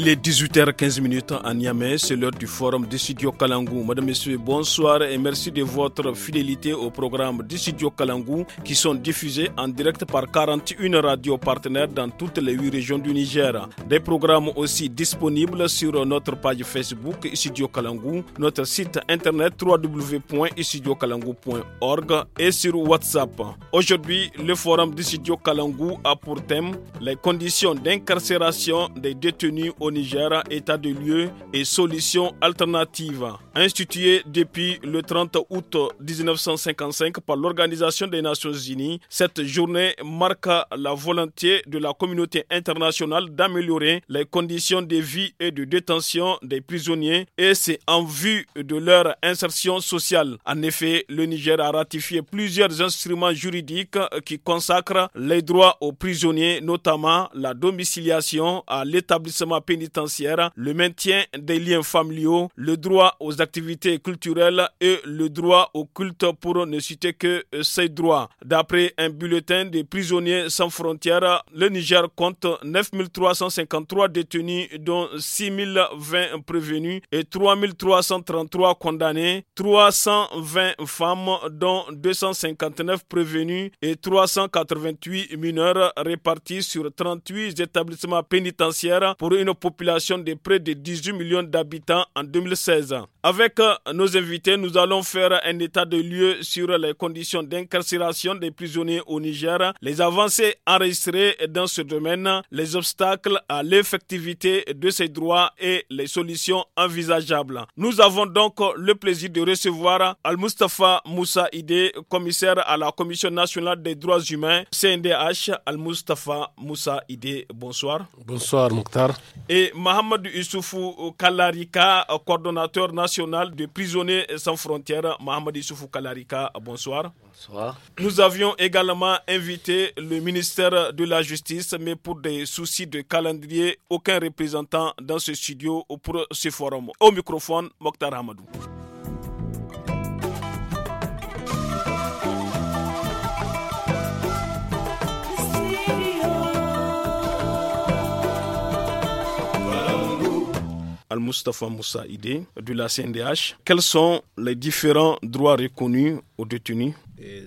Il est 18h15 à Niamey, c'est l'heure du forum Dissidio Kalangou. Madame, Messieurs, bonsoir et merci de votre fidélité au programme Dissidio Kalangou qui sont diffusés en direct par 41 radios partenaires dans toutes les 8 régions du Niger. Des programmes aussi disponibles sur notre page Facebook Studio Kalangou, notre site internet www.issidiokalangu.org et sur WhatsApp. Aujourd'hui, le forum Dissidio Kalangou a pour thème les conditions d'incarcération des détenus au Niger, état de lieu et solutions alternatives. Institué depuis le 30 août 1955 par l'Organisation des Nations Unies, cette journée marque la volonté de la communauté internationale d'améliorer les conditions de vie et de détention des prisonniers et c'est en vue de leur insertion sociale. En effet, le Niger a ratifié plusieurs instruments juridiques qui consacrent les droits aux prisonniers, notamment la domiciliation à l'établissement pénitentiaire pénitentiaire, le maintien des liens familiaux, le droit aux activités culturelles et le droit au culte pour ne citer que ces droits. D'après un bulletin des prisonniers sans frontières, le Niger compte 9353 détenus dont 6020 prévenus et 3333 condamnés, 320 femmes dont 259 prévenus et 388 mineurs répartis sur 38 établissements pénitentiaires pour une population de près de 18 millions d'habitants en 2016. Avec euh, nos invités, nous allons faire un état de lieu sur les conditions d'incarcération des prisonniers au Niger, les avancées enregistrées dans ce domaine, les obstacles à l'effectivité de ces droits et les solutions envisageables. Nous avons donc le plaisir de recevoir Al-Mustafa Moussa Ide, commissaire à la Commission nationale des droits humains, CNDH. Al-Mustafa Moussa Ide, bonsoir. Bonsoir, Mokhtar. Et Mohamed coordonnateur national de prisonniers sans frontières, Mohamed Issoufou Kalarika. Bonsoir. Bonsoir. Nous avions également invité le ministère de la Justice, mais pour des soucis de calendrier, aucun représentant dans ce studio ou pour ce forum. Au microphone, Mokhtar Hamadou. Al-Mustafa Moussa Ide de la CNDH. Quels sont les différents droits reconnus aux détenus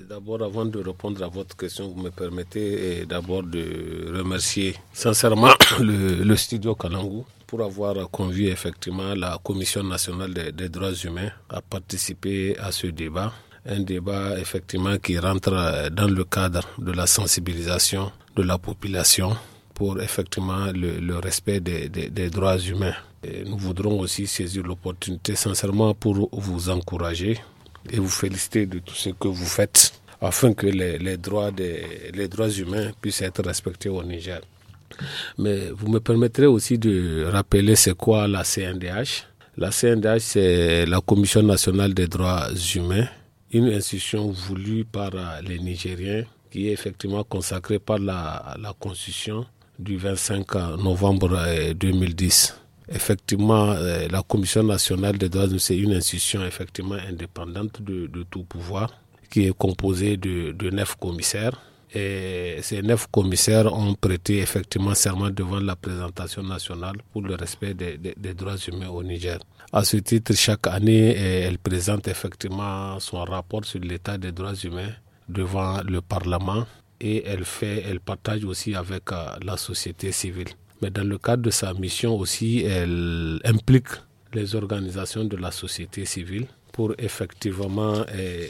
D'abord, avant de répondre à votre question, vous me permettez d'abord de remercier sincèrement le, studio Kalangou pour avoir convié effectivement la Commission nationale des, droits humains à participer à ce débat un débat effectivement qui rentre dans le cadre de la sensibilisation de la population pour effectivement le, respect des droits humains nous voudrons aussi saisir l'opportunité sincèrement pour vous encourager et vous féliciter de tout ce que vous faites afin que les, droits, des, droits humains puissent être respectés au Niger. Mais vous me permettrez aussi de rappeler c'est quoi la CNDH. La CNDH, c'est la Commission nationale des droits humains, une institution voulue par les Nigériens qui est effectivement consacrée par la, la Constitution du 25 novembre 2010. Euh, effectivement, euh, la Commission nationale des droits de l'homme, c'est une institution effectivement indépendante de, tout pouvoir, qui est composée de, neuf commissaires. Et ces neuf commissaires ont prêté effectivement serment devant la présentation nationale pour le respect des, des, droits humains au Niger. À ce titre, chaque année, euh, elle présente effectivement son rapport sur l'état des droits humains devant le Parlement et elle fait, elle partage aussi avec euh, la société civile. Mais dans le cadre de sa mission aussi, elle implique les organisations de la société civile pour effectivement eh,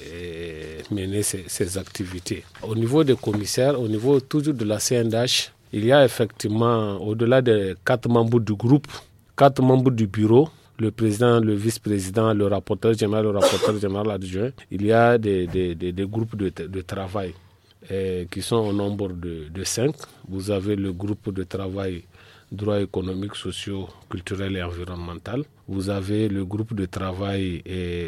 eh, mener ces, activités. Au niveau des commissaires, au niveau toujours de la CNDH, il y a effectivement, au-delà des quatre membres du groupe, quatre membres du bureau, le président, le vice-président, le rapporteur général, le rapporteur général adjoint, il y a des, groupes de, travail eh, qui sont au nombre de, de cinq. Vous avez le groupe de travail droits économiques, sociaux, culturels et environnementaux. Vous avez le groupe de travail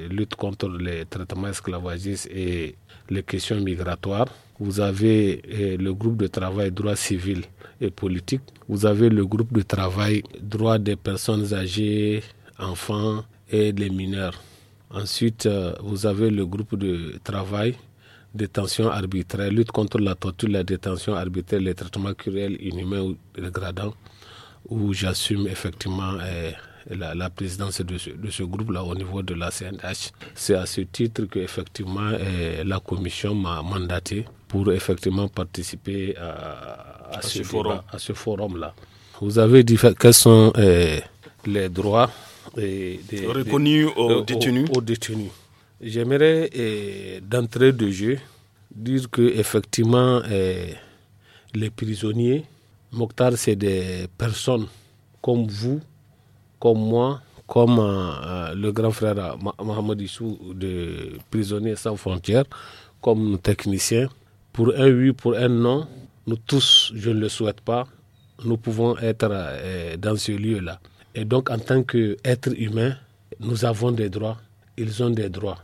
lutte contre les traitements esclavagistes et les questions migratoires. Vous avez eh, le groupe de travail droits civils et politiques. Vous avez le groupe de travail droits des personnes âgées, enfants et les mineurs. Ensuite, euh, vous avez le groupe de travail détention arbitraire, lutte contre la torture, la détention arbitraire, les traitements cruels, inhumains ou dégradants, où j'assume effectivement euh, la, présidence de ce, groupe-là au niveau de la CNH. C'est à ce titre que effectivement euh, la commission m'a mandaté pour effectivement participer à, ce, forum. à ce forum-là. Vous avez dit quels sont euh, les droits des, reconnus aux, détenus. J'aimerais d'entrée de jeu dire que effectivement les prisonniers Mokhtar, c'est des personnes comme vous, comme moi, comme euh, euh, le grand frère euh, Mohamed Issou de Prisonniers sans frontières, comme nos techniciens. Pour un oui, pour un non, nous tous, je ne le souhaite pas, nous pouvons être dans ce lieu-là. Et donc, en tant qu'êtres humains, nous avons des droits, ils ont des droits.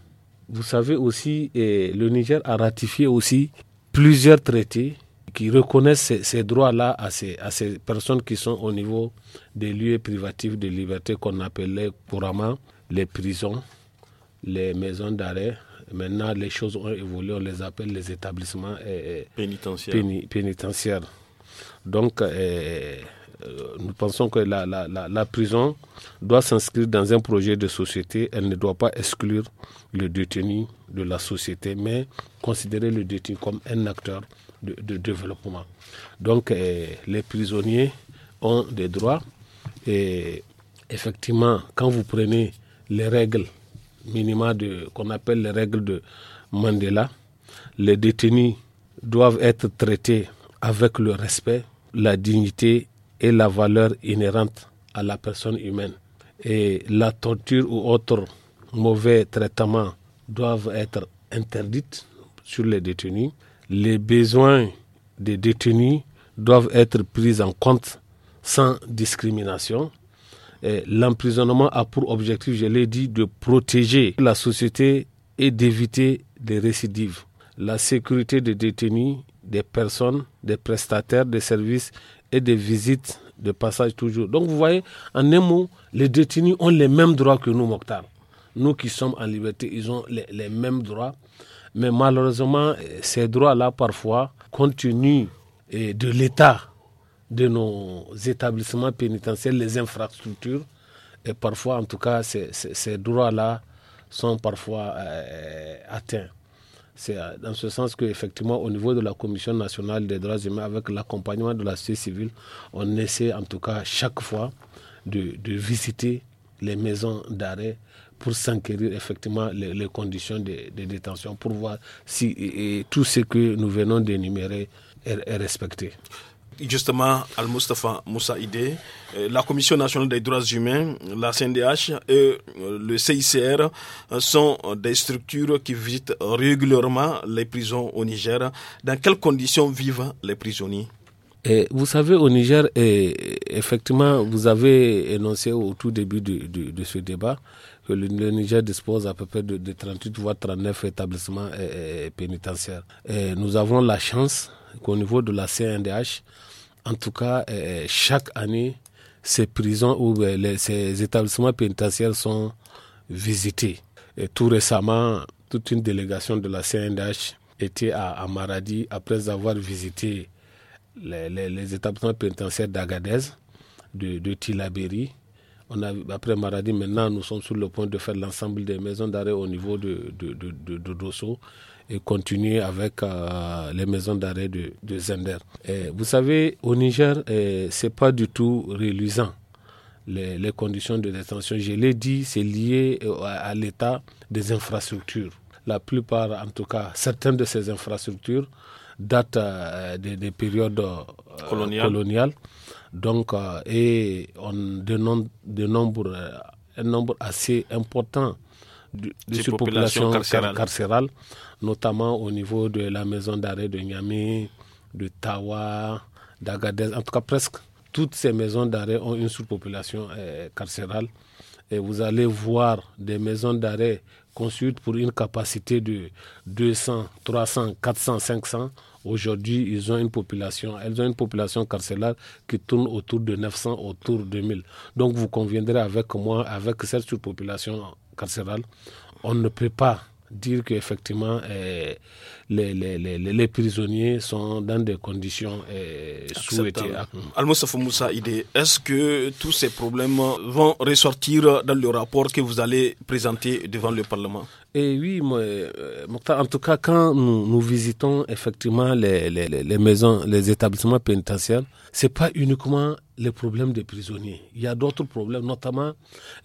Vous savez aussi, le Niger a ratifié aussi plusieurs traités qui reconnaissent ces, droits-là à ces, à ces personnes qui sont au niveau des lieux privatifs de liberté qu'on appelait couramment les prisons, les maisons d'arrêt, Maintenant, les choses ont évolué, on les appelle les établissements eh, eh, pénitentiaires. Donc, eh, nous pensons que la prison doit s'inscrire dans un projet de société. Elle ne doit pas exclure le détenu de la société, mais considérer le détenu comme un acteur de, développement. Donc euh, les prisonniers ont des droits et effectivement, quand vous prenez les règles minima qu'on appelle les règles de Mandela, les détenus doivent être traités avec le respect, la dignité et la valeur inhérente à la personne humaine. Et la torture ou autres mauvais traitements doivent être interdites sur les détenus les besoins des détenus doivent être pris en compte sans discrimination. L'emprisonnement a pour objectif, je l'ai dit, de protéger la société et d'éviter des récidives. La sécurité des détenus, des personnes, des prestataires des services et des visites de passage toujours. Donc vous voyez, en un mot, les détenus ont les mêmes droits que nous, Mokhtar. Nous qui sommes en liberté, ils ont les mêmes droits. Mais malheureusement, euh, ces droits-là, parfois, continuent euh, de l'état de nos établissements pénitentiaires, les infrastructures, et parfois, en tout cas, ces, ces, droits-là sont parfois euh, atteints. C'est dans ce sens qu'effectivement, au niveau de la Commission nationale des droits humains, avec l'accompagnement de la société civile, on essaie en tout cas chaque fois de, de visiter les maisons d'arrêt, pour s'enquérir effectivement les, conditions de, détention, pour voir si tout ce que nous venons d'énumérer est, respecté justement Al-Mustafa Moussaïde, euh, la Commission nationale des droits humains, la CNDH et euh, le CICR euh, sont des structures qui visitent régulièrement les prisons au Niger. Dans quelles conditions vivent les prisonniers et vous savez, au Niger, effectivement, vous avez énoncé au tout début de ce débat que le, Niger dispose à peu près de, 38 voire 39 établissements pénitentiaires. nous avons la chance qu'au niveau de la CNDH, en tout cas, chaque année, ces prisons ou ces établissements pénitentiaires sont visités. Et tout récemment, toute une délégation de la CNDH était à, Maradi après avoir visité les, établissements pénitentiaires d'Agadez, de, de Tilaberi, après Maradi, maintenant, nous sommes sur le point de faire l'ensemble des maisons d'arrêt au niveau de, de, de, Dosso et continuer avec euh, les maisons d'arrêt de, de, Zender. vous savez, au Niger, eh, c'est ce n'est pas du tout reluisant. Les, conditions de détention, je l'ai dit, c'est lié euh, à, l'état des infrastructures. La plupart, en tout cas, certaines de ces infrastructures datent euh, des, périodes coloniales donc, euh, et on euh, un nombre assez important de, surpopulations surpopulation carcérale. notamment au niveau de la maison d'arrêt de Niamey, de Tawa, d'Agadez, en tout cas presque toutes ces maisons d'arrêt ont une surpopulation euh, carcérale. Et vous allez voir des maisons d'arrêt conçues pour une capacité de 200, 300, 400, 500 Aujourd'hui, ils ont une population, elles ont une population carcérale qui tourne autour de 900, autour de 1000. Donc, vous conviendrez avec moi, avec cette surpopulation carcérale, on ne peut pas dire qu'effectivement, eh, les, les, les, prisonniers sont dans des conditions euh, souhaitées. est-ce que tous ces problèmes vont ressortir dans le rapport que vous allez présenter devant le Parlement eh oui, euh, en tout cas, quand nous, visitons effectivement les, maisons, les établissements pénitentiaires, ce n'est pas uniquement les problèmes des prisonniers. Il y a d'autres problèmes, notamment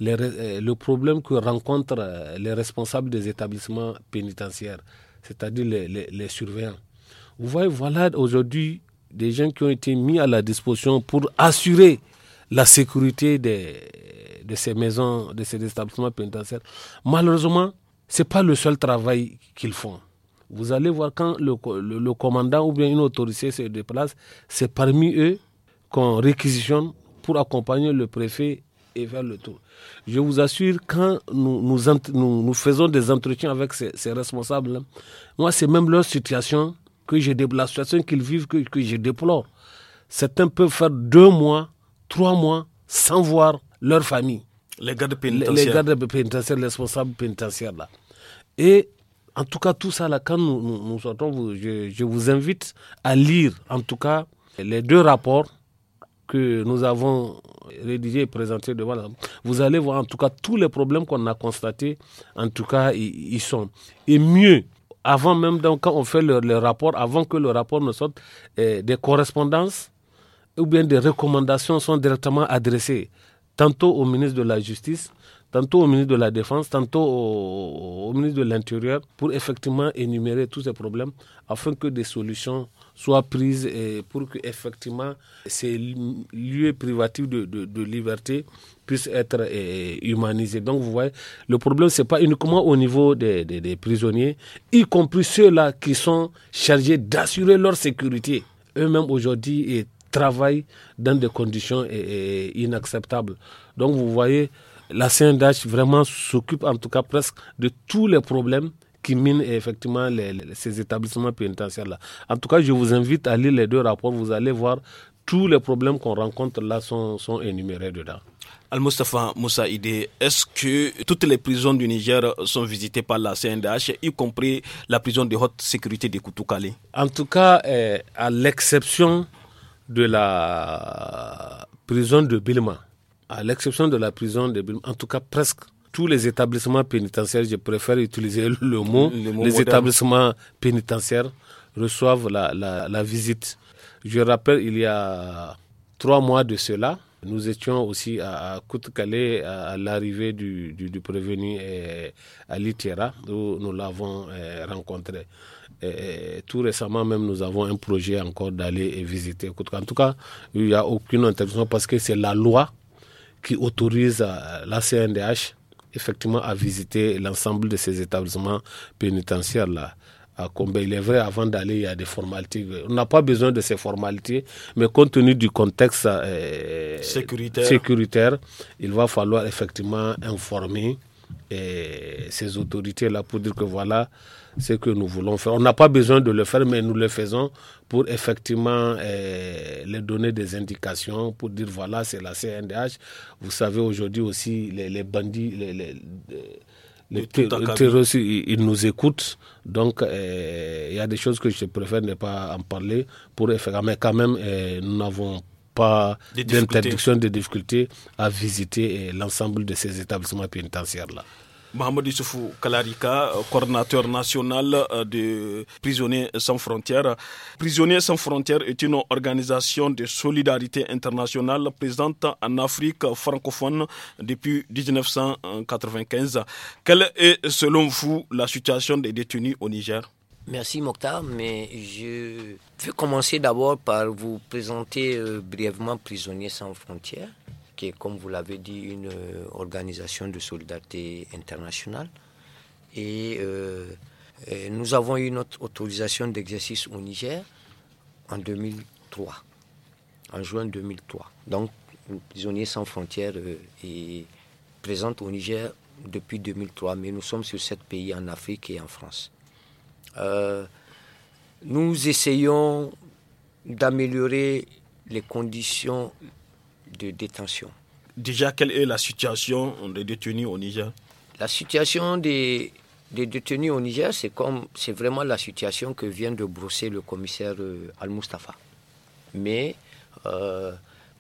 euh, le problème que rencontrent les responsables des établissements pénitentiaires c'est-à-dire les, les, surveillants. Vous voyez, voilà aujourd'hui des gens qui ont été mis à la disposition pour assurer la sécurité des, de ces maisons, de ces établissements pénitentiaires. Malheureusement, ce n'est pas le seul travail qu'ils font. Vous allez voir quand le, le commandant ou bien une autorité se déplace, c'est parmi eux qu'on réquisitionne pour accompagner le préfet et faire le tour. Je vous assure, quand nous, nous, faisons des entretiens avec ces, responsables, moi, c'est même leur situation que je la situation qu'ils vivent que, que je déplore. Certains peuvent faire deux mois, trois mois sans voir leur famille. Les gardes pénitentiaires. Les, gardes pénitentiaires, les responsables pénitentiaires, Et en tout cas, tout ça, là, quand nous, nous, sortons, je vous invite à lire, en tout cas, les deux rapports que nous avons rédigé et présenté devant Vous allez voir en tout cas tous les problèmes qu'on a constatés, en tout cas, ils sont. Et mieux, avant même, donc, quand on fait le, rapport, avant que le rapport ne sorte, eh, des correspondances ou bien des recommandations sont directement adressées, tantôt au ministre de la Justice, tantôt au ministre de la Défense, tantôt au ministre de l'Intérieur, pour effectivement énumérer tous ces problèmes afin que des solutions soient prises et euh, pour que effectivement ces lieux privatifs de, de, liberté puissent être euh, humanisés. Donc vous voyez, le problème c'est pas uniquement au niveau des, des, prisonniers, y compris ceux-là qui sont chargés d'assurer leur sécurité. Eux-mêmes aujourd'hui travaillent dans des conditions euh, inacceptables. Donc vous voyez, la CNDH vraiment s'occupe en tout cas presque de tous les problèmes qui minent effectivement ces établissements pénitentiaires-là. En tout cas, je vous invite à lire les deux rapports. Vous allez voir tous les problèmes qu'on rencontre là sont, énumérés dedans. Al-Mustafa Moussa est-ce que toutes les prisons du Niger sont visitées par la CNDH, y compris la prison de haute sécurité de Koutoukali En tout cas, eh, à l'exception de la prison de Bilma, à l'exception de la prison de Bilma, en tout cas presque tous les établissements pénitentiaires, je préfère utiliser le mot, les établissements pénitentiaires reçoivent la, visite. Je rappelle, il y a trois mois de cela, nous étions aussi à, calais à, l'arrivée du, prévenu à eh, Litera, où nous l'avons eh, rencontré. Eh, tout récemment même, nous avons un projet encore d'aller visiter. En tout cas, il n'y a aucune interdiction parce que c'est la loi qui autorise euh, la CNDH effectivement à visiter l'ensemble de ces établissements pénitentiaires-là à Combe. Il est vrai, avant d'aller, il y a des formalités. On n'a pas besoin de ces formalités, mais compte tenu du contexte euh, sécuritaire. il va falloir effectivement informer euh, ces autorités-là pour dire que voilà, ce que nous voulons faire. On n'a pas besoin de le faire, mais nous le faisons pour effectivement euh, les donner des indications, pour dire voilà, c'est la CNDH. Vous savez, aujourd'hui aussi, les, bandits, les, terroristes, ils, nous écoutent. Donc, euh, il y a des choses que je préfère ne pas en parler pour faire. Mais quand même, euh, nous n'avons pas d'interdiction de difficultés à visiter l'ensemble de ces établissements pénitentiaires-là. Mohamed Issoufou Kalarika, coordinateur national euh, de Prisonniers sans frontières. Prisonniers sans frontières est une organisation de solidarité internationale présente en Afrique francophone depuis 1995. Quelle est selon vous la situation des détenus au Niger Merci Mokhtar, mais je vais commencer d'abord par vous présenter euh, brièvement Prisonniers sans frontières comme vous l'avez dit, une euh, organisation de solidarité internationale. Euh, et, nous avons eu notre autorisation d'exercice au Niger en 2003, en juin 2003. Donc, prisonnier sans frontières euh, est présente au Niger depuis 2003, mais nous sommes sur sept pays en Afrique et en France. nous essayons d'améliorer les conditions de détention. Déjà, quelle est la situation des détenus au Niger La situation des, détenus au Niger, c'est comme c'est vraiment la situation que vient de brosser le commissaire euh, Al Mustafa. Mais euh,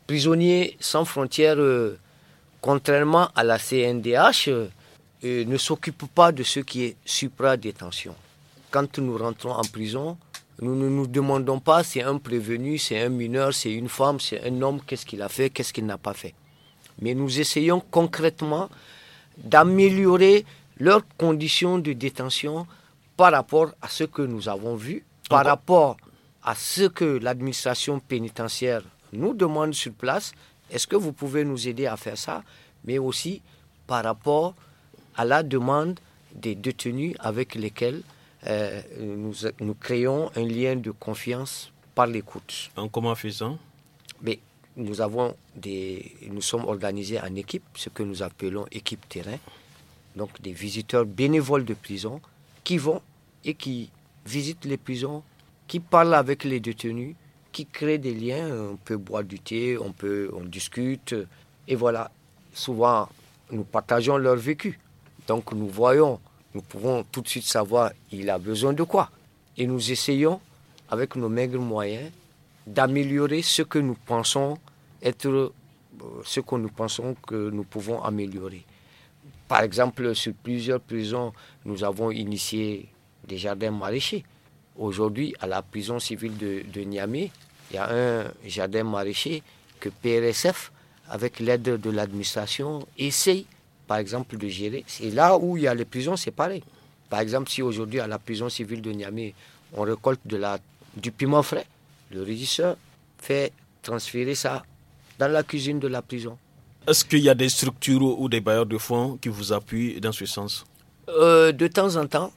prisonniers sans frontières, euh, contrairement à la CNDH, euh, ne s'occupe pas de ce qui est supra-détention. Quand nous rentrons en prison, nous ne nous demandons pas si un prévenu, c'est un mineur, c'est une femme, c'est un homme, qu'est-ce qu'il a fait, qu'est-ce qu'il n'a pas fait. Mais nous essayons concrètement d'améliorer leurs conditions de détention par rapport à ce que nous avons vu, par rapport à ce que l'administration pénitentiaire nous demande sur place. Est-ce que vous pouvez nous aider à faire ça Mais aussi par rapport à la demande des détenus avec lesquels euh, nous, créons un lien de confiance par l'écoute. En comment faisons Mais nous avons des, nous sommes organisés en équipe, ce que nous appelons équipe terrain. Donc des visiteurs bénévoles de prison qui vont et qui visitent les prisons, qui parlent avec les détenus, qui créent des liens. On peut boire du thé, on peut, on discute, et voilà. Souvent, nous partageons leur vécu. Donc nous voyons nous pouvons tout de suite savoir il a besoin de quoi. Et nous essayons, avec nos maigres moyens, d'améliorer ce que nous pensons être euh, ce que nous pensons que nous pouvons améliorer. Par exemple, sur plusieurs prisons, nous avons initié des jardins maraîchers. Aujourd'hui, à la prison civile de, de Niamey, il y a un jardin maraîcher que PRSF, avec l'aide de l'administration, essaye par exemple, de gérer. Et là où il y a les prisons, c'est pareil. Par exemple, si aujourd'hui, à la prison civile de Niamey, on récolte de la, du piment frais, le régisseur fait transférer ça dans la cuisine de la prison. Est-ce qu'il y a des structures ou des bailleurs de fonds qui vous appuient dans ce sens euh, De temps en temps,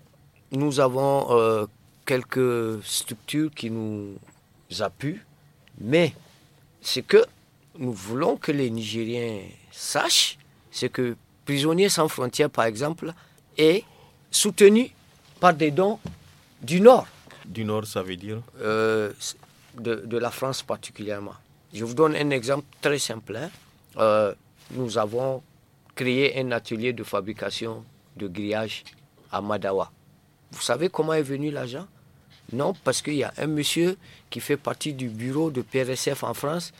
nous avons euh, quelques structures qui nous appuient, mais c'est que nous voulons que les Nigériens sachent, c'est que Prisonniers sans frontières, par exemple, est soutenu par des dons du Nord. Du Nord, ça veut dire euh, de, la France particulièrement. Je vous donne un exemple très simple. Hein. Euh, nous avons créé un atelier de fabrication de grillage à Madawa. Vous savez comment est venu l'argent Non, parce qu'il y a un monsieur qui fait partie du bureau de PRSF en France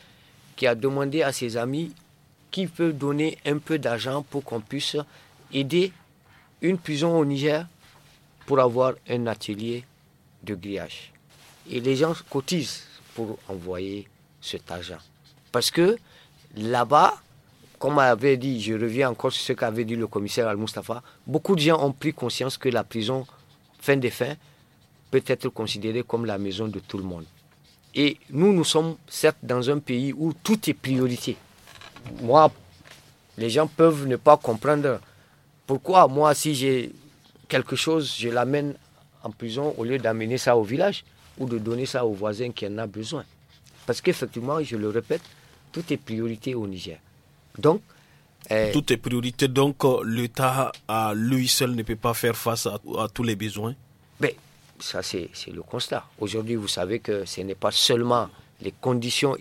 qui a demandé à ses amis qui peut donner un peu d'argent pour qu'on puisse aider une prison au Niger pour avoir un atelier de grillage. Et les gens cotisent pour envoyer cet argent. Parce que là-bas, comme avait dit, je reviens encore sur ce qu'avait dit le commissaire Al-Mustafa, beaucoup de gens ont pris conscience que la prison, fin des fins, peut être considérée comme la maison de tout le monde. Et nous, nous sommes certes dans un pays où tout est priorité moi, les gens peuvent ne pas comprendre pourquoi moi, si j'ai quelque chose, je l'amène en prison au lieu d'amener ça au village ou de donner ça aux voisins qui en a besoin. Parce qu'effectivement, je le répète, tout est priorité au Niger. Donc, eh, tout est priorité, donc euh, l'État à lui seul ne peut pas faire face à, tous les besoins Mais ben, ça, c'est le constat. Aujourd'hui, vous savez que ce n'est pas seulement les conditions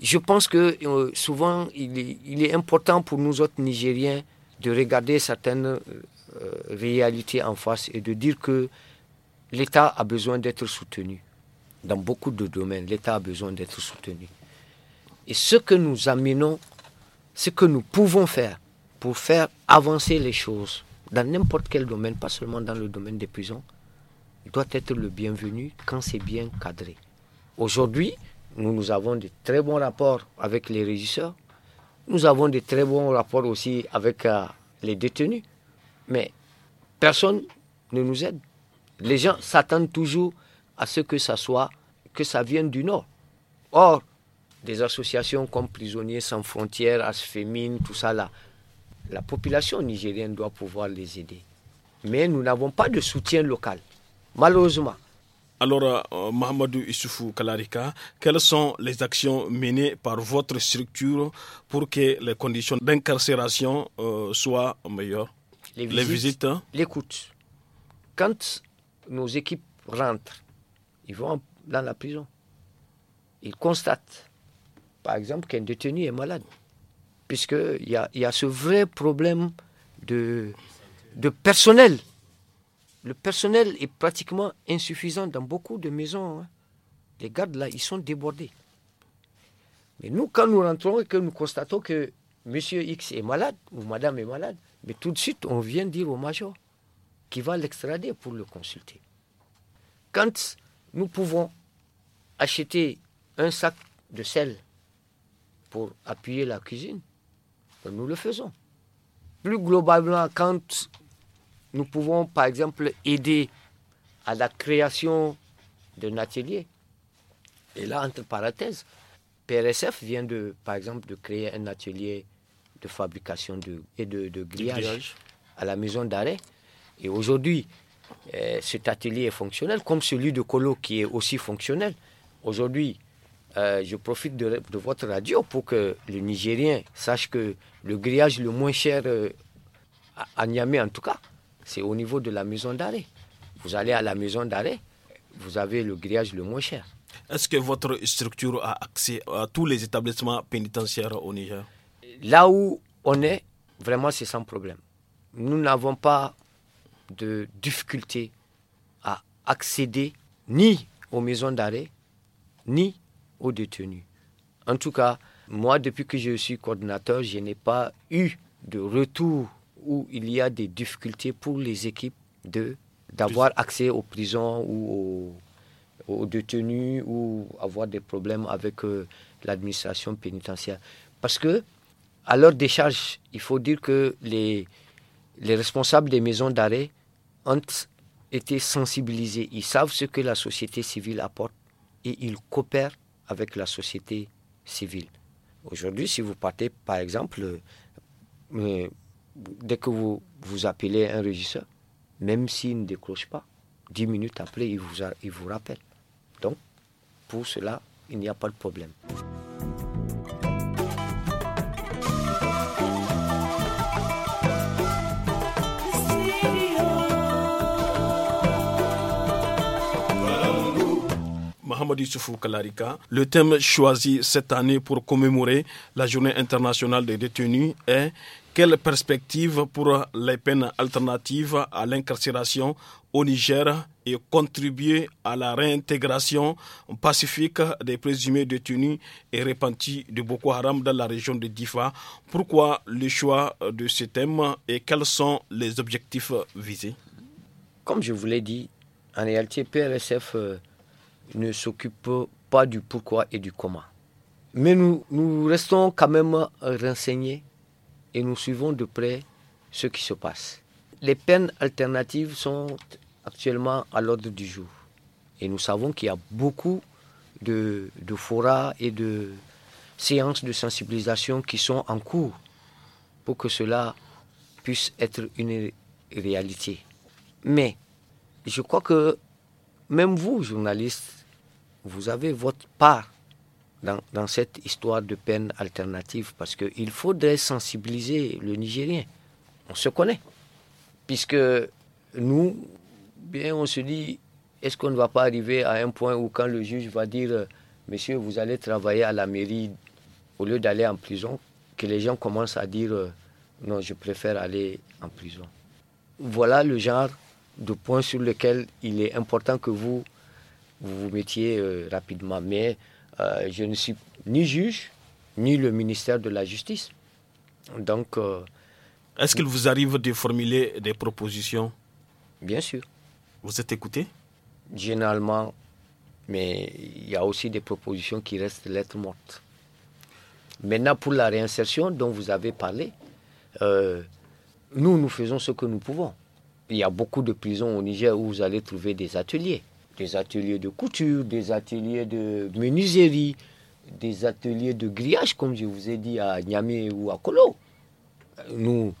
je pense que euh, souvent, il est, important pour nous autres Nigériens de regarder certaines euh, euh, réalités en face et de dire que l'État a besoin d'être soutenu. Dans beaucoup de domaines, l'État a besoin d'être soutenu. Et ce que nous amenons, ce que nous pouvons faire pour faire avancer les choses dans n'importe quel domaine, pas seulement dans le domaine des prisons, doit être le bienvenu quand c'est bien cadré. Aujourd'hui, nous, nous avons de très bons rapports avec les régisseurs. Nous avons de très bons rapports aussi avec euh, les détenus. Mais personne ne nous aide. Les gens s'attendent toujours à ce que ça soit, que ça vienne du Nord. Or, des associations comme Prisonniers sans frontières, Asfémine, tout ça là, la population nigérienne doit pouvoir les aider. Mais nous n'avons pas de soutien local, malheureusement. Alors, euh, Mahamadou Issoufou Kalarika, quelles sont les actions menées par votre structure pour que les conditions d'incarcération euh, soient meilleures Les visites, hein? l'écoute. Quand nos équipes rentrent, ils vont dans la prison. Ils constatent, par exemple, qu'un détenu est malade, puisqu'il y a, y a ce vrai problème de personnel le personnel est pratiquement insuffisant dans beaucoup de maisons. Hein. Les gardes, là, ils sont débordés. Mais nous, quand nous rentrons et que nous constatons que M. X est malade ou Madame est malade, mais tout de suite, on vient dire au major qui va l'extrader pour le consulter. Quand nous pouvons acheter un sac de sel pour appuyer la cuisine, ben, nous le faisons. Plus globalement, quand nous pouvons, par exemple, aider à la création d'un atelier. Et là, entre parenthèses, PRSF vient, de, par exemple, de créer un atelier de fabrication de, et de, grillage, à la maison d'arrêt. Et aujourd'hui, euh, cet atelier est fonctionnel, comme celui de Colo qui est aussi fonctionnel. Aujourd'hui, euh, je profite de, votre radio pour que le Nigérien sache que le grillage le moins cher euh, à Niamey, en tout cas, c'est au niveau de la maison d'arrêt. Vous allez à la maison d'arrêt, vous avez le grillage le moins cher. Est-ce que votre structure a accès à tous les établissements pénitentiaires au Niger Là où on est, vraiment, c'est sans problème. Nous n'avons pas de difficulté à accéder ni aux maisons d'arrêt, ni aux détenus. En tout cas, moi, depuis que je suis coordinateur, je n'ai pas eu de retour où il y a des difficultés pour les équipes de d'avoir accès aux prisons ou aux, détenus ou avoir des problèmes avec euh, l'administration pénitentiaire. Parce que, à leur décharge, il faut dire que les, les responsables des maisons d'arrêt ont été sensibilisés. Ils savent ce que la société civile apporte et ils coopèrent avec la société civile. Aujourd'hui, si vous partez, par exemple, euh, dès que vous, vous appelez un régisseur, même s'il ne décroche pas, dix minutes après, il vous, il vous rappelle. Donc, pour cela, il n'y a pas de problème. le thème choisi cette année pour commémorer la journée internationale des détenus est Quelle perspective pour les peines alternatives à l'incarcération au Niger et contribuer à la réintégration pacifique des présumés détenus et répandus de Boko Haram dans la région de Difa. Pourquoi le choix de ce thème et quels sont les objectifs visés Comme je vous l'ai dit, en réalité, PRSF ne s'occupe pas du pourquoi et du comment. Mais nous, restons quand même renseignés et nous suivons de près ce qui se passe. Les peines alternatives sont actuellement à l'ordre du jour. Et nous savons qu'il y a beaucoup de, de forats et de séances de sensibilisation qui sont en cours pour que cela puisse être une réalité. Mais je crois que même vous, journalistes, vous avez votre part dans, cette histoire de peine alternative parce qu'il faudrait sensibiliser le Nigérien. On se connaît. Puisque nous, bien, on se dit, est-ce qu'on ne va pas arriver à un point où quand le juge va dire, euh, monsieur, vous allez travailler à la mairie au lieu d'aller en prison, que les gens commencent à dire, euh, non, je préfère aller en prison. Voilà le genre de points sur lesquels il est important que vous vous, mettiez euh, rapidement. Mais euh, je ne suis ni juge, ni le ministère de la Justice. Donc. Euh, Est-ce qu'il vous arrive de formuler des propositions Bien sûr. Vous êtes écouté Généralement, mais il y a aussi des propositions qui restent lettres mortes. Maintenant, pour la réinsertion dont vous avez parlé, nous, nous faisons ce que nous pouvons il y a beaucoup de prisons au Niger où vous allez trouver des ateliers. Des ateliers de couture, des ateliers de menuiserie, des ateliers de grillage, comme je vous ai dit à Niamey ou à Kolo. Nous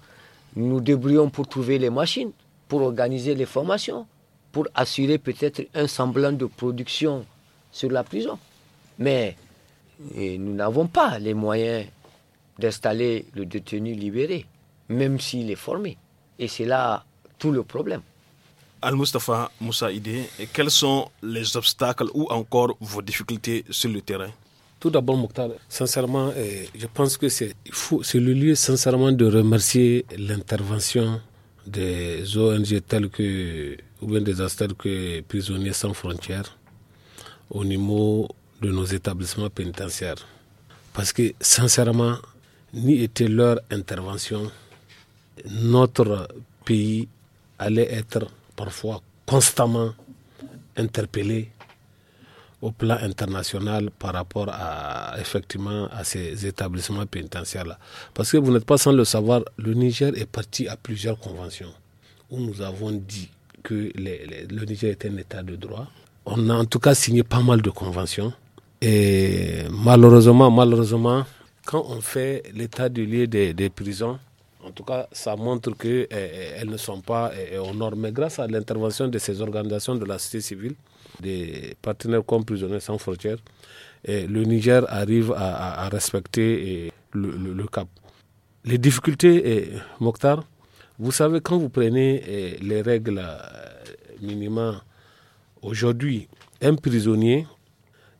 nous débrouillons pour trouver les machines, pour organiser les formations, pour assurer peut-être un semblant de production sur la prison. Mais nous n'avons pas les moyens d'installer le détenu libéré, même s'il est formé. Et c'est là tout le problème. Al-Mustafa Moussaïde, quels sont les obstacles ou encore vos difficultés sur le terrain tout d'abord, Mokhtar, sincèrement, euh, je pense que c'est le lieu, sincèrement, de remercier l'intervention des ONG telles que, ou bien des que Prisonniers sans frontières au niveau de nos établissements pénitentiaires. Parce que, sincèrement, ni était leur intervention, notre pays allait être parfois constamment interpellé au plan international par rapport à effectivement à ces établissements pénitentiaires là parce que vous n'êtes pas sans le savoir le Niger est parti à plusieurs conventions où nous avons dit que le Niger était un état de droit on a en tout cas signé pas mal de conventions et malheureusement malheureusement quand on fait l'état du lieu des prisons en tout cas, ça montre qu'elles eh, eh, elles ne sont pas au eh, aux Mais grâce à l'intervention de ces organisations de la société civile, des partenaires comme Prisonniers sans frontières, le Niger arrive à, respecter le, cap. Les difficultés, Mokhtar, vous savez, quand vous prenez les règles euh, minima aujourd'hui, un prisonnier,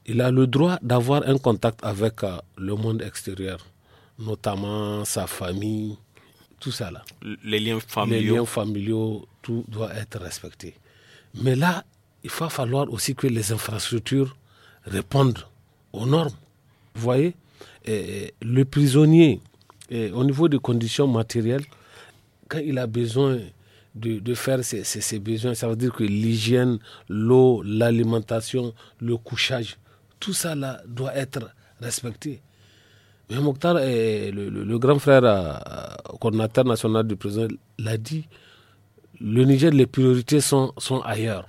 il a le droit d'avoir un contact avec euh, le monde extérieur, notamment sa famille, ça là. Les liens familiaux. tout doit être respecté. Mais là, il va falloir aussi que les infrastructures répondent aux normes. Vous voyez, le prisonnier, au niveau des conditions matérielles, quand il a besoin de, faire ses, besoins, ça veut dire que l'hygiène, l'eau, l'alimentation, le couchage, tout ça là doit être respecté. M. Mokhtar, eh, le, grand frère euh, coordinateur national du président, l'a dit, le Niger, les priorités sont, sont ailleurs.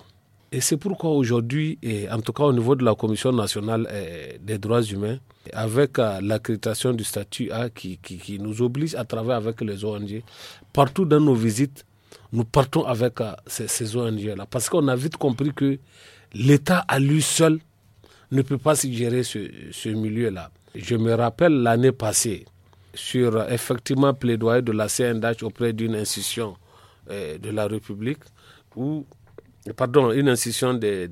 Et c'est pourquoi aujourd'hui, en tout cas au niveau de la Commission nationale eh, des droits humains, avec euh, l'accréditation du statut A hein, qui, nous oblige à travailler avec les ONG, partout dans nos visites, nous partons avec euh, ces, ONG-là. Parce qu'on a vite compris que l'État à lui seul ne peut pas gérer ce milieu-là. Je me rappelle l'année passée sur effectivement plaidoyer de la CNDH auprès d'une institution euh, de la République ou pardon, une institution de,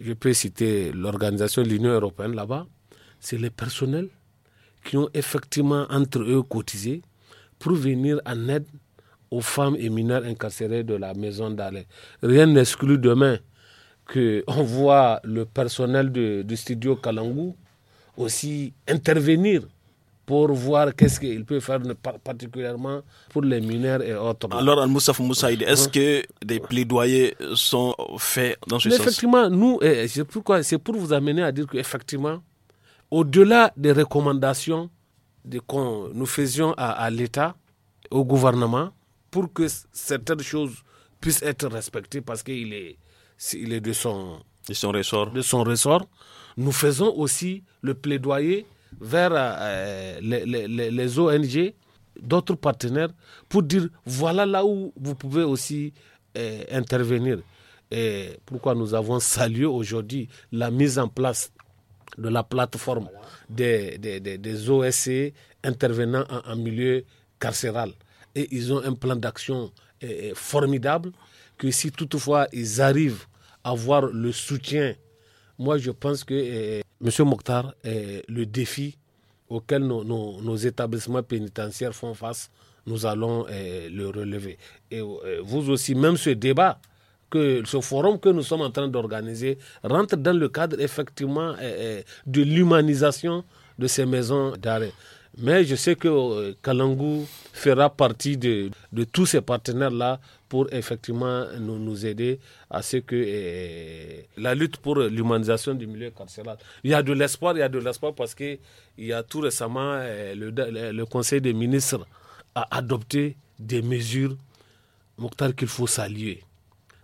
je peux citer l'organisation de l'Union européenne là-bas, c'est les personnels qui ont effectivement entre eux cotisé pour venir en aide aux femmes et mineurs incarcérés de la maison d'arrêt. Rien n'exclut demain qu'on voit le personnel du studio Kalangou aussi intervenir pour voir qu'est-ce qu'il peut faire particulièrement pour les mineurs et autres. Alors, Al-Moussaf Moussaïd, est-ce que des plaidoyers sont faits dans ce sens Effectivement, nous, c'est c'est pour vous amener à dire qu'effectivement, au-delà des recommandations de, nous faisions à, l'État, au gouvernement, pour que certaines choses puissent être respectées parce qu'il est, il est de son de son ressort. De son ressort. Nous faisons aussi le plaidoyer vers euh, les, les, les, ONG, d'autres partenaires, pour dire voilà là où vous pouvez aussi euh, intervenir. Et pourquoi nous avons salué aujourd'hui la mise en place de la plateforme des, des, des, des OSC intervenant en, milieu carcéral. Et ils ont un plan d'action euh, formidable que si toutefois ils arrivent avoir le soutien. Moi, je pense que, euh, M. Mokhtar, euh, le défi auquel nos, établissements pénitentiaires font face, nous allons euh, le relever. Et vous aussi, même ce débat, que ce forum que nous sommes en train d'organiser, rentre dans le cadre effectivement de l'humanisation de ces maisons d'arrêt. Mais je sais que euh, Kalangu fera partie de, tous ces partenaires-là pour effectivement nous, aider à ce que euh, la lutte pour l'humanisation du milieu carcéral. Il y a de l'espoir, il y a de l'espoir parce qu'il y a tout récemment euh, le, Conseil des ministres a adopté des mesures, Mokhtar, qu'il faut saluer,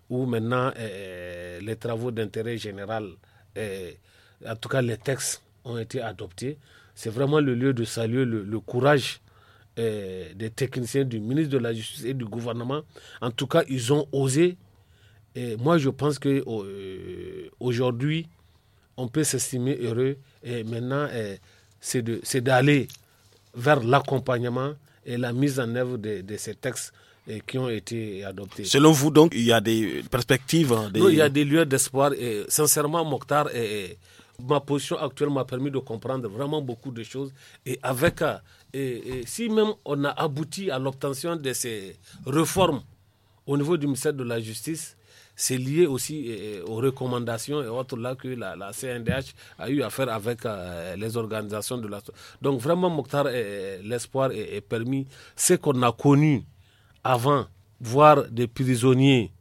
où maintenant les travaux d'intérêt général, en tout cas les textes, ont été adoptés. C'est vraiment le lieu de saluer le, courage euh, des techniciens, du ministre de la Justice et du gouvernement. En tout cas, ils ont osé. Et moi, je pense qu'aujourd'hui, euh, on peut s'estimer heureux. Et maintenant, euh, c'est d'aller vers l'accompagnement et la mise en œuvre de, ces textes qui ont été adoptés. Selon vous, donc, il y a des perspectives hein, Non, il y a des lieux d'espoir. Et sincèrement, Mokhtar, et, Ma position actuelle m'a permis de comprendre vraiment beaucoup de choses. Et avec, euh, si même on a abouti à l'obtention de ces réformes au niveau du ministère de la Justice, c'est lié aussi aux recommandations et autres là que la, CNDH a eu à faire avec euh, les organisations de la Donc vraiment, Mokhtar, l'espoir est, permis. Ce qu'on a connu avant, voir des prisonniers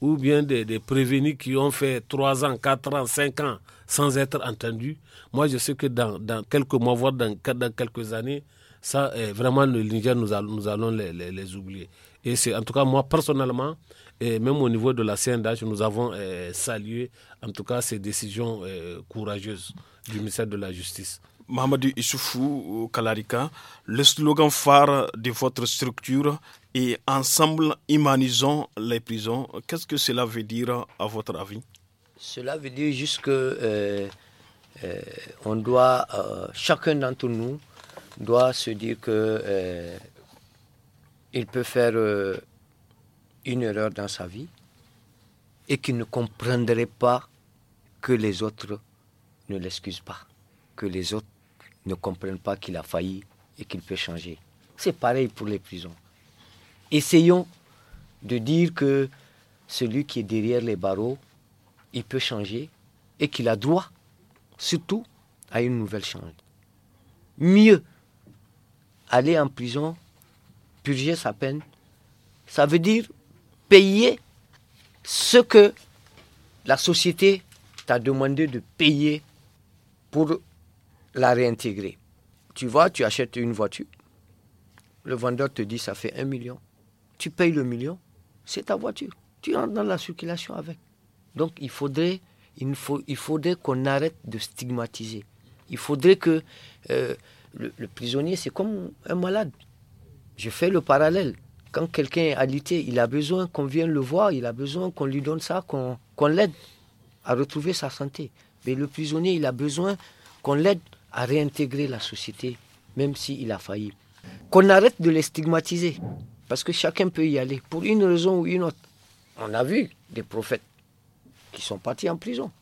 ou bien des, des prévenus qui ont fait 3 ans, 4 ans, 5 ans sans être entendu. Moi, je sais que dans, quelques mois, voire dans, quelques années, ça, est eh, vraiment, le Niger, nous, allons, nous allons les, oublier. Et c'est, en tout cas, moi, personnellement, et même au niveau de la CNDH, nous avons eh, salué, en tout cas, ces décisions eh, courageuses du ministère de la Justice. Mahamadou Issoufou euh, Kalarika, le slogan phare de votre structure est Ensemble, humanisons les prisons. Qu'est-ce que cela veut dire à votre avis cela veut dire juste que euh, euh, on doit, euh, chacun d'entre nous doit se dire que il peut faire une erreur dans sa vie et qu'il ne comprendrait pas que les autres ne l'excusent pas, que les autres ne comprennent pas qu'il a failli et qu'il peut changer. C'est pareil pour les prisons. Essayons de dire que celui qui est derrière les barreaux il peut changer et qu'il a droit, surtout, à une nouvelle chance. Mieux aller en prison, purger sa peine, ça veut dire payer ce que la société t'a demandé de payer pour la réintégrer. Tu vois, tu achètes une voiture, le vendeur te dit ça fait un million, tu payes le million, c'est ta voiture, tu rentres dans la circulation avec. Donc il faudrait, il faut, il faudrait qu'on arrête de stigmatiser. Il faudrait que euh, le, prisonnier, c'est comme un malade. Je fais le parallèle. Quand quelqu'un est alité, il a besoin qu'on vienne le voir, il a besoin qu'on lui donne ça, qu'on l'aide à retrouver sa santé. Mais le prisonnier, il a besoin qu'on l'aide à réintégrer la société, même s'il a failli. Qu'on arrête de les stigmatiser, parce que chacun peut y aller, pour une raison ou une autre. On a vu des prophètes qui sont partis en prison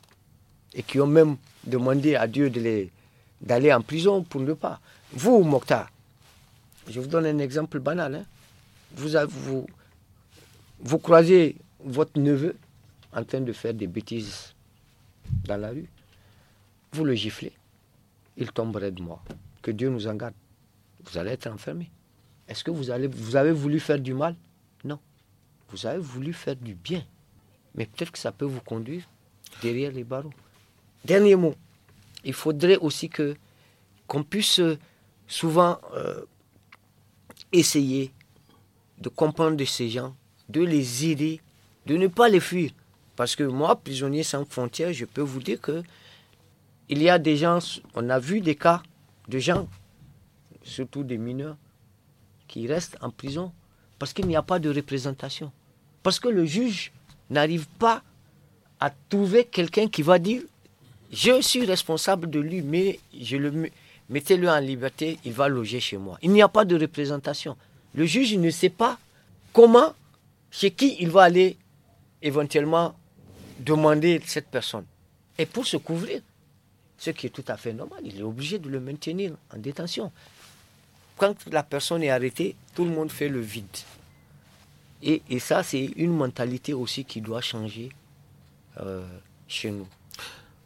et qui ont même demandé à Dieu d'aller en prison pour ne pas. Vous, Mokhtar, je vous donne un exemple banal. Hein. Vous, vous, vous croisez votre neveu en train de faire des bêtises dans la rue. Vous le giflez. Il tomberait de moi. Que Dieu nous en garde. Vous allez être enfermé. Est-ce que vous, allez, vous avez voulu faire du mal Non. Vous avez voulu faire du bien mais peut-être que ça peut vous conduire derrière les barreaux. Dernier mot, il faudrait aussi que qu'on puisse euh, souvent euh, essayer de comprendre ces gens, de les aider, de ne pas les fuir. Parce que moi, prisonnier sans frontières, je peux vous dire que il y a des gens, on a vu des cas de gens, surtout des mineurs, qui restent en prison parce qu'il n'y a pas de représentation. Parce que le juge n'arrive pas à trouver quelqu'un qui va dire je suis responsable de lui, mais je le mettez-le en liberté, il va loger chez moi. Il n'y a pas de représentation. Le juge ne sait pas comment, chez qui il va aller éventuellement demander cette personne. Et pour se couvrir, ce qui est tout à fait normal, il est obligé de le maintenir en détention. Quand la personne est arrêtée, tout le monde fait le vide et, ça, c'est une mentalité aussi qui doit changer euh, chez nous.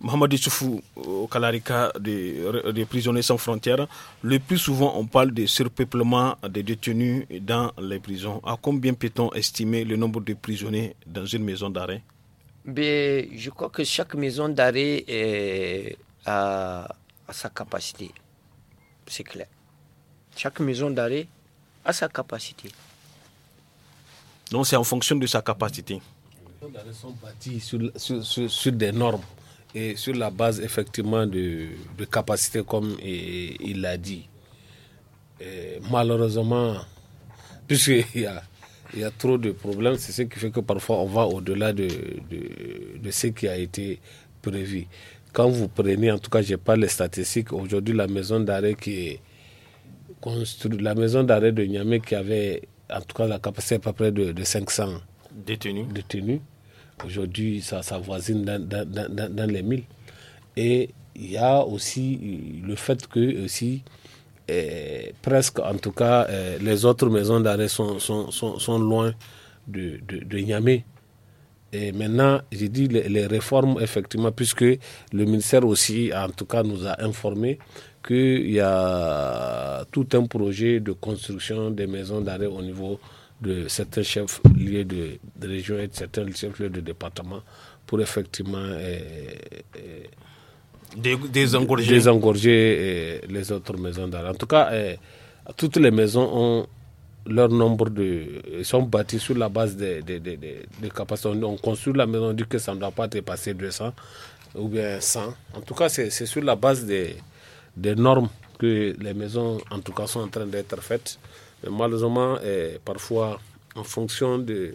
Mohamed Soufou, au Kalarika des, prisonniers sans frontières, le plus souvent on parle de surpeuplement des détenus dans les prisons. À combien peut-on estimer le nombre de prisonniers dans une maison d'arrêt ben, Je crois que chaque maison d'arrêt a, sa capacité. C'est clair. Chaque maison d'arrêt a sa capacité. Donc c'est en fonction de sa capacité. Les sont bâtis sur, sur, sur, des normes et sur la base effectivement de, de capacité comme il l'a dit. malheureusement, puisqu'il y a, il y a trop de problèmes, c'est ce qui fait que parfois on va au-delà de, de, de ce qui a été prévu. Quand vous prenez, en tout cas, je pas les statistiques, aujourd'hui la maison d'arrêt qui la maison d'arrêt de Niamey qui avait en tout cas, la capacité est à peu près de, 500 détenus. Aujourd'hui, ça, ça voisine dans, les 1000. Et il y a aussi euh, le fait que aussi, euh, presque en tout cas, euh, les autres maisons d'arrêt sont, sont, loin de, de, Et maintenant, j'ai dit les, les, réformes, effectivement, puisque le ministère aussi, en tout cas, nous a informés qu'il y a tout un projet de construction des maisons d'arrêt au niveau de certains chefs lieux de, région et de certains chefs lieux de département pour effectivement eh, eh, désengorger, eh, les autres maisons d'arrêt. En tout cas, toutes les maisons ont leur nombre de sont bâties sur la base des, des, des, des capacités. On construit la maison, on dit que ça ne doit pas dépasser 200 ou bien 100. En tout cas, c'est sur la base des, des normes que les maisons, en tout cas, sont en train d'être faites. malheureusement, eh, parfois, en fonction de,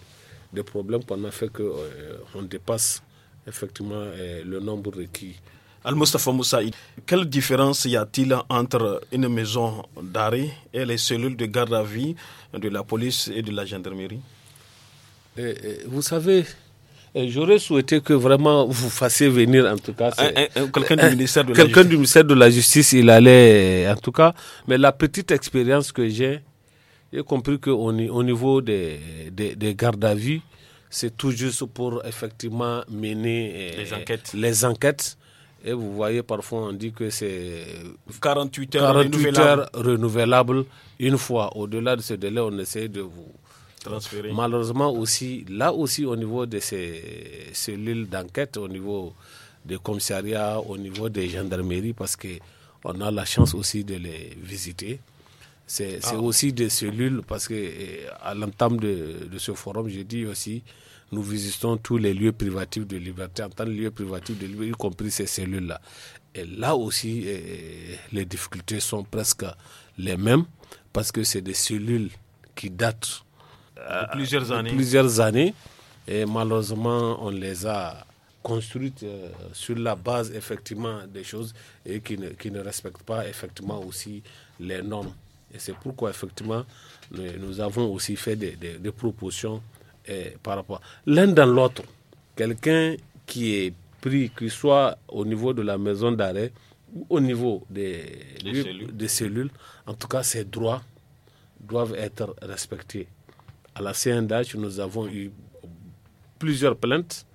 des problèmes qu'on a fait, que, eh, on dépasse effectivement eh, le nombre requis. Al-Mustafa quelle différence y a-t-il entre une maison d'arrêt et les cellules de garde à vie de la police et de la gendarmerie Vous savez, euh, j'aurais souhaité que vraiment vous fassiez venir, en tout cas, quelqu'un du, ministère de, du ministère de la Justice. Il allait, euh, en tout cas, mais la petite expérience que j'ai, j'ai compris qu'au au niveau des, des, gardes à vue, c'est tout juste pour effectivement mener euh, les enquêtes. Les enquêtes. Et vous voyez, parfois, on dit que c'est 48 heures, heures renouvelables une fois. Au-delà de ce délai, on essaie de vous Malheureusement aussi, là aussi au niveau de ces cellules d'enquête, au niveau des commissariats, au niveau des gendarmeries, parce que on a la chance aussi de les visiter. C'est ah. aussi des cellules, parce que euh, à l'entame de, ce forum, j'ai dit aussi, nous visitons tous les lieux privatifs de liberté, en tant que lieux privatifs de liberté, y compris ces cellules-là. Et là aussi, euh, les difficultés sont presque les mêmes, parce que c'est des cellules qui datent euh, plusieurs années. Et malheureusement, on les a construites euh, sur la base effectivement des choses et qui ne, qui respectent pas effectivement aussi les normes. Et c'est pourquoi effectivement nous, avons aussi fait des, propositions eh, par rapport. L'un dans l'autre, quelqu'un qui est pris, qu'il soit au niveau de la maison d'arrêt ou au niveau des, des cellules, en tout cas ses droits doivent être respectés à la CNDH, nous avons eu plusieurs plaintes,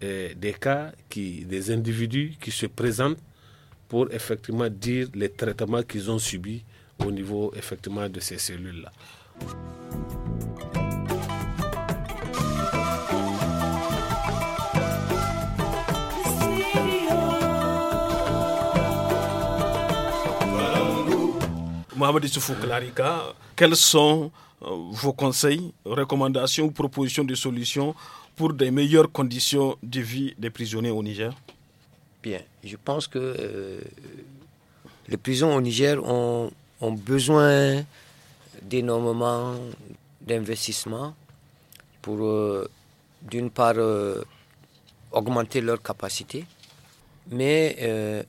des cas, qui, des individus qui se présentent pour effectivement dire les traitements qu'ils ont subis au niveau effectivement de ces cellules-là. Mohamed Soufou quels sont euh, vos conseils, recommandations ou propositions de solutions pour des meilleures conditions de vie des prisonniers au Niger Bien, je pense que euh, les prisons au Niger ont, besoin d'énormément d'investissements pour, euh, d'une part, augmenter leur capacité, mais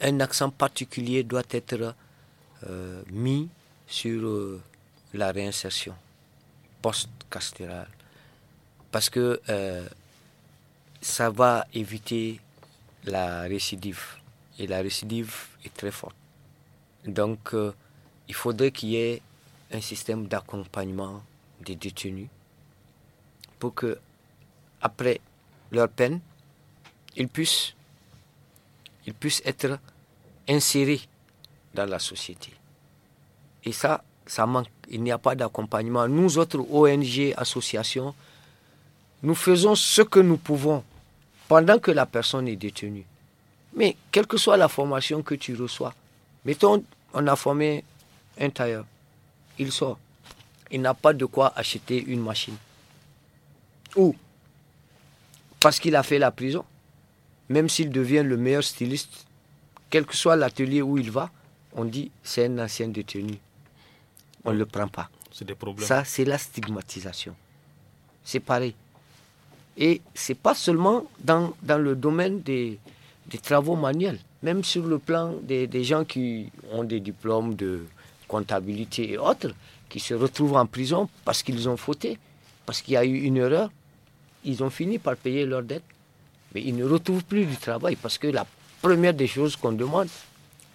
un accent particulier doit être mis sur la réinsertion post-castérale. Parce que euh, ça va éviter la récidive. Et la récidive est très forte. Donc, euh, il faudrait qu'il y ait un système d'accompagnement des détenus pour que, après leur peine, ils puissent, ils puissent être insérés dans la société. Et ça, il n'y a pas d'accompagnement. Nous autres ONG, associations, nous faisons ce que nous pouvons pendant que la personne est détenue. Mais quelle que soit la formation que tu reçois, mettons, on a formé un tailleur, il sort, il n'a pas de quoi acheter une machine. Ou parce qu'il a fait la prison, même s'il devient le meilleur styliste, quel que soit l'atelier où il va, on dit c'est un ancien détenu on ne le prend pas. C'est des problèmes. Ça, c'est la stigmatisation. C'est pareil. Et ce n'est pas seulement dans, le domaine des, des, travaux manuels, même sur le plan des, des, gens qui ont des diplômes de comptabilité et autres, qui se retrouvent en prison parce qu'ils ont fauté, parce qu'il y a eu une erreur, ils ont fini par payer leur dette. Mais ils ne retrouvent plus du travail parce que la première des choses qu'on demande,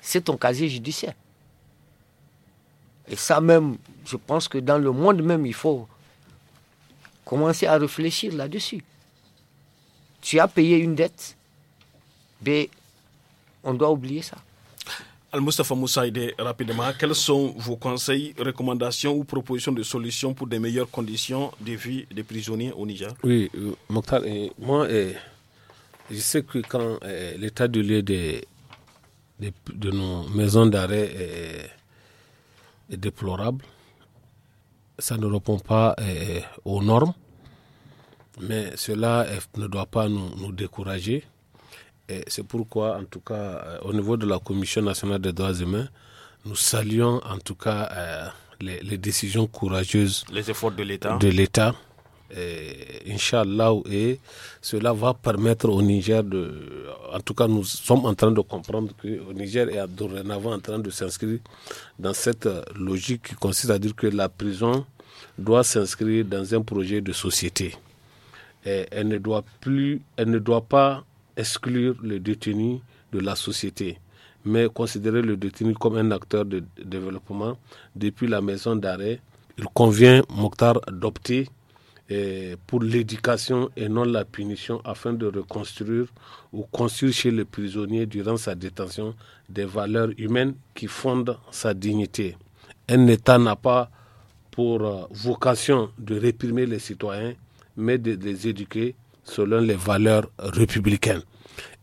c'est ton casier judiciaire. Et ça même, je pense que dans le monde même, il faut commencer à réfléchir là-dessus. Tu as payé une dette, mais on doit oublier ça. Al-Mustafa Moussaïde, rapidement, quels sont vos conseils, recommandations ou propositions de solutions pour des meilleures conditions de vie des prisonniers au Niger Oui, euh, Mokhtar, moi, je sais que quand l'état de lieu de, de, nos maisons d'arrêt est est déplorable. Ça ne répond pas eh, aux normes, mais cela eh, ne doit pas nous, décourager. c'est pourquoi, en tout cas, eh, au niveau de la Commission nationale des droits humains, nous saluons en tout cas les, décisions courageuses. Les efforts De l'État et, Inch'Allah, et cela va permettre au Niger de. En tout cas, nous sommes en train de comprendre que le Niger est dorénavant en train de s'inscrire dans cette logique qui consiste à dire que la prison doit s'inscrire dans un projet de société. Et elle ne doit plus, elle ne doit pas exclure le détenu de la société, mais considérer le détenu comme un acteur de développement depuis la maison d'arrêt. Il convient, Mokhtar, d'opter pour l'éducation et non la punition afin de reconstruire ou construire chez le prisonnier durant sa détention des valeurs humaines qui fondent sa dignité. Un État n'a pas pour euh, vocation de réprimer les citoyens, mais de les éduquer selon les valeurs républicaines.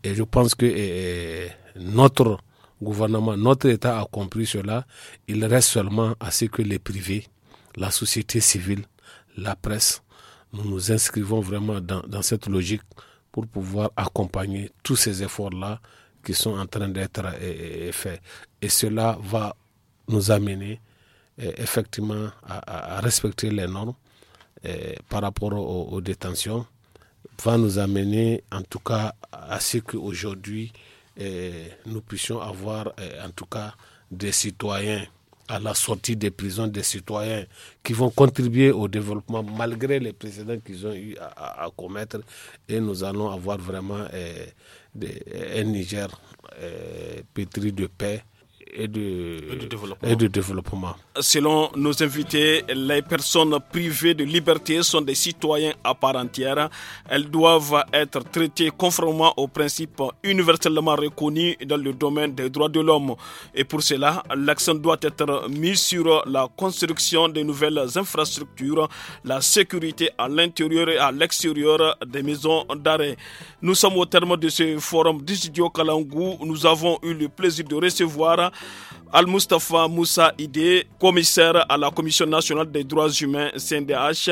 Et je pense que notre gouvernement, notre État a compris cela. Il reste seulement à ce que les privés, la société civile, la presse nous nous inscrivons vraiment dans, cette logique pour pouvoir accompagner tous ces efforts-là qui sont en train d'être eh, eh, eh, faits. Et cela va nous amener effectivement à, respecter les normes par rapport aux, aux, détentions, va nous amener en tout cas à ce qu'aujourd'hui nous puissions avoir en tout cas des citoyens à la sortie des prisons des citoyens qui vont contribuer au développement malgré les précédents qu'ils ont eu à, commettre. Et nous allons avoir vraiment eh, un Niger eh, pétri de paix et de, et de, développement. Selon nos invités, les personnes privées de liberté sont des citoyens à part entière. Elles doivent être traitées conformément aux principes universellement reconnus dans le domaine des droits de l'homme. Et pour cela, l'accent doit être mis sur la construction de nouvelles infrastructures, la sécurité à l'intérieur et à l'extérieur des maisons d'arrêt. Nous sommes au terme de ce forum d'Isidio Kalangu. Nous avons eu le plaisir de recevoir Al-Mustafa Moussa Ide, commissaire à la Commission nationale des droits humains CNDH,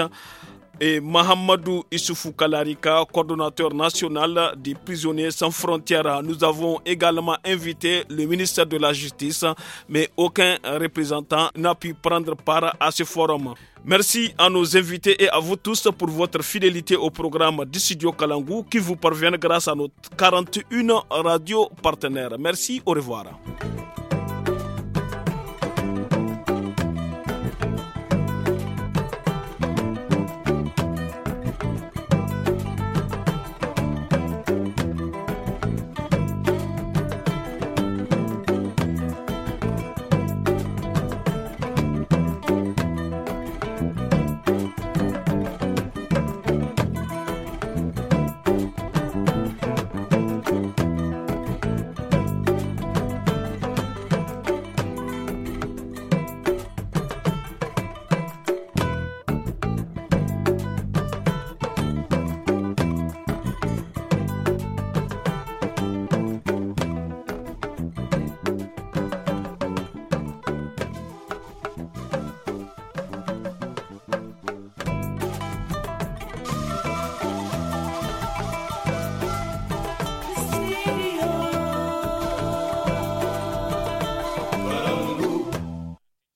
et Mahamadou Issoufou Kalarika, coordonnateur national des prisonniers sans frontières. Nous avons également invité le ministère de la Justice, mais aucun représentant n'a pu prendre part à ce forum. Merci à nos invités et à vous tous pour votre fidélité au programme du studio Kalangou qui vous parvient grâce à notre 41 radios partenaires. Merci, au revoir.